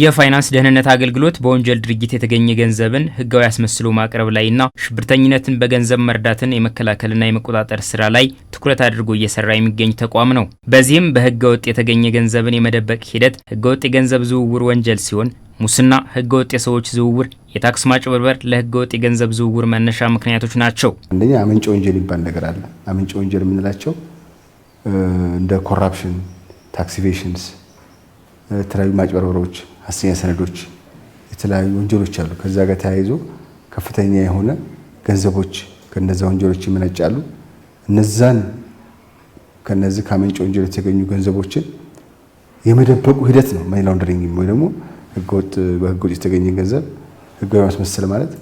የፋይናንስ ደህንነት አገልግሎት በወንጀል ድርጊት የተገኘ ገንዘብን ህጋዊ አስመስሎ ማቅረብ ላይና ሽብርተኝነትን በገንዘብ መርዳትን የመከላከልና የመቆጣጠር ስራ ላይ ትኩረት አድርጎ እየሰራ የሚገኝ ተቋም ነው። በዚህም በህገ ወጥ የተገኘ ገንዘብን የመደበቅ ሂደት ህገ ወጥ የገንዘብ ዝውውር ወንጀል ሲሆን ሙስና፣ ህገ ወጥ የሰዎች ዝውውር፣ የታክስ ማጭበርበር ለህገ ወጥ የገንዘብ ዝውውር መነሻ ምክንያቶች ናቸው። አንደኛ አመንጭ ወንጀል ይባል ነገር አለ። አመንጭ ወንጀል የምንላቸው እንደ ኮራፕሽን፣ ታክሲቬሽንስ፣ የተለያዩ ማጭበርበሮች ሐሰተኛ ሰነዶች፣ የተለያዩ ወንጀሎች አሉ። ከዛ ጋር ተያይዞ ከፍተኛ የሆነ ገንዘቦች ከነዛ ወንጀሎች ይመነጫሉ። እነዛን ከነዚህ ከአመንጭ ወንጀል የተገኙ ገንዘቦችን የመደበቁ ሂደት ነው መኒ ላውንደሪንግ ወይ ደግሞ ህገወጥ በህገወጥ የተገኘ ገንዘብ ህጋዊ ማስመሰል ማለት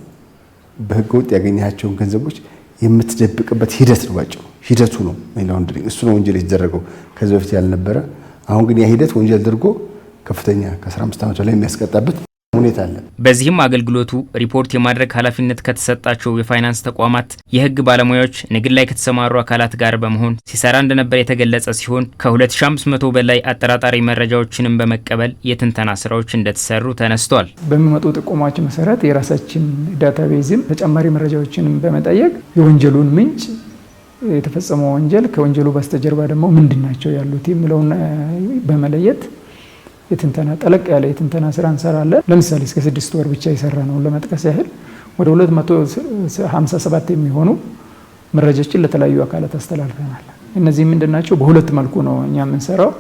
በህገወጥ ያገኘቸውን ገንዘቦች የምትደብቅበት ሂደት ነው። ባጭሩ ሂደቱ ነው መኒ ላውንደሪንግ፣ እሱ ነው ወንጀል የተደረገው ከዚህ በፊት ያልነበረ። አሁን ግን ያ ሂደት ወንጀል አድርጎ ከፍተኛ ከ15 ዓመት በላይ የሚያስቀጣበት ሁኔታ አለ። በዚህም አገልግሎቱ ሪፖርት የማድረግ ኃላፊነት ከተሰጣቸው የፋይናንስ ተቋማት የህግ ባለሙያዎች ንግድ ላይ ከተሰማሩ አካላት ጋር በመሆን ሲሰራ እንደነበር የተገለጸ ሲሆን ከ2500 በላይ አጠራጣሪ መረጃዎችንም በመቀበል የትንተና ስራዎች እንደተሰሩ ተነስቷል። በሚመጡ ጥቆማዎች መሰረት የራሳችን ዳታቤዝም ተጨማሪ መረጃዎችንም በመጠየቅ የወንጀሉን ምንጭ የተፈጸመው ወንጀል ከወንጀሉ በስተጀርባ ደግሞ ምንድን ናቸው ያሉት የሚለውን በመለየት የትንተና ጠለቅ ያለ የትንተና ስራ እንሰራለን። ለምሳሌ እስከ ስድስት ወር ብቻ የሰራ ነው ለመጥቀስ ያህል ወደ 257 የሚሆኑ መረጃችን ለተለያዩ አካላት አስተላልፈናል። እነዚህ ምንድን ናቸው? በሁለት መልኩ ነው እኛ የምንሰራው።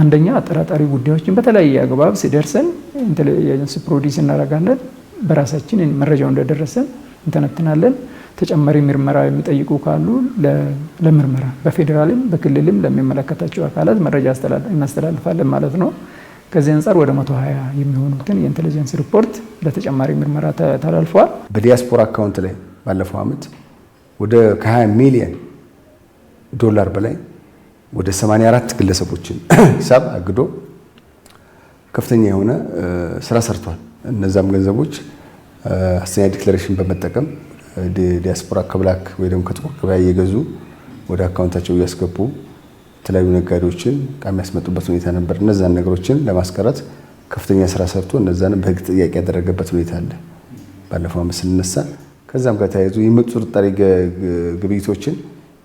አንደኛ አጠራጣሪ ጉዳዮችን በተለያየ አግባብ ሲደርሰን ኢንቴሊጀንስ ፕሮዲስ እናደርጋለን። በራሳችን መረጃው እንደደረሰን እንተነትናለን። ተጨማሪ ምርመራ የሚጠይቁ ካሉ ለምርመራ በፌዴራልም በክልልም ለሚመለከታቸው አካላት መረጃ እናስተላልፋለን ማለት ነው። ከዚህ አንጻር ወደ 120 የሚሆኑትን የኢንቴሊጀንስ ሪፖርት ለተጨማሪ ምርመራ ተላልፈዋል። በዲያስፖራ አካውንት ላይ ባለፈው ዓመት ወደ ከ20 ሚሊዮን ዶላር በላይ ወደ 84 ግለሰቦችን ሂሳብ አግዶ ከፍተኛ የሆነ ስራ ሰርቷል። እነዛም ገንዘቦች አስተኛ ዲክለሬሽን በመጠቀም ዲያስፖራ ከብላክ ወይ ደግሞ ከጥቁር ገበያ እየገዙ ወደ አካውንታቸው እያስገቡ የተለያዩ ነጋዴዎችን እቃ የሚያስመጡበት ሁኔታ ነበር። እነዛን ነገሮችን ለማስቀረት ከፍተኛ ስራ ሰርቶ እነዛን በህግ ጥያቄ ያደረገበት ሁኔታ አለ። ባለፈው አመት ስንነሳ ከዛም ጋር ተያይዞ የመጡ ጥርጣሬ ግብይቶችን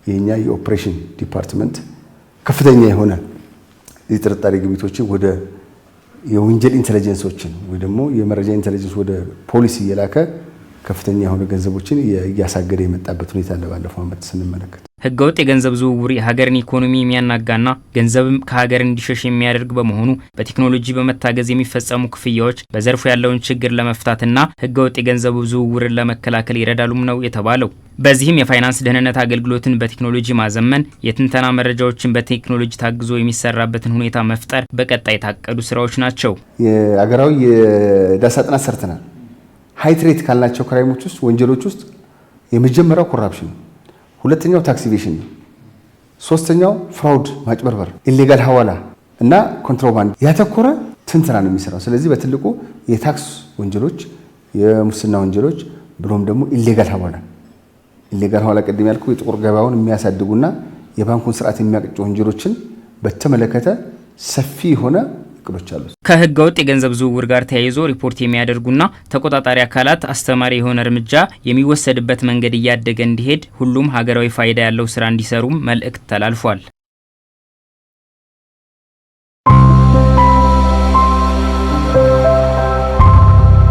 የኛ የኦፕሬሽን ዲፓርትመንት ከፍተኛ የሆነ የጥርጣሬ ግብይቶችን ወደ የወንጀል ኢንቴሊጀንሶችን ወይ ደግሞ የመረጃ ኢንቴሊጀንስ ወደ ፖሊስ እየላከ ከፍተኛ የሆነ ገንዘቦችን እያሳገደ የመጣበት ሁኔታ አለ። ባለፈው አመት ስንመለከት ህገወጥ የገንዘብ ዝውውር የሀገርን ኢኮኖሚ የሚያናጋና ገንዘብም ከሀገር እንዲሸሽ የሚያደርግ በመሆኑ በቴክኖሎጂ በመታገዝ የሚፈጸሙ ክፍያዎች በዘርፉ ያለውን ችግር ለመፍታትና ህገወጥ የገንዘብ ዝውውርን ለመከላከል ይረዳሉም ነው የተባለው። በዚህም የፋይናንስ ደህንነት አገልግሎትን በቴክኖሎጂ ማዘመን፣ የትንተና መረጃዎችን በቴክኖሎጂ ታግዞ የሚሰራበትን ሁኔታ መፍጠር በቀጣይ የታቀዱ ስራዎች ናቸው። የአገራዊ የዳሳ ጥናት ሰርተናል። ሀይትሬት ካልናቸው ክራይሞች ውስጥ ወንጀሎች ውስጥ የመጀመሪያው ኮራፕሽን ነው። ሁለተኛው ታክሲቬሽን ነው። ሶስተኛው ፍራውድ ማጭበርበር፣ ኢሌጋል ሀዋላ እና ኮንትሮባንድ ያተኮረ ትንትና ነው የሚሰራው። ስለዚህ በትልቁ የታክስ ወንጀሎች፣ የሙስና ወንጀሎች ብሎም ደግሞ ኢሌጋል ሀዋላ ኢሌጋል ሀዋላ ቅድም ያልኩ የጥቁር ገበያውን የሚያሳድጉና የባንኩን ስርዓት የሚያቅጭ ወንጀሎችን በተመለከተ ሰፊ የሆነ እቅዶች አሉ። ከህገ ወጥ የገንዘብ ዝውውር ጋር ተያይዞ ሪፖርት የሚያደርጉና ተቆጣጣሪ አካላት አስተማሪ የሆነ እርምጃ የሚወሰድበት መንገድ እያደገ እንዲሄድ ሁሉም ሀገራዊ ፋይዳ ያለው ስራ እንዲሰሩም መልእክት ተላልፏል።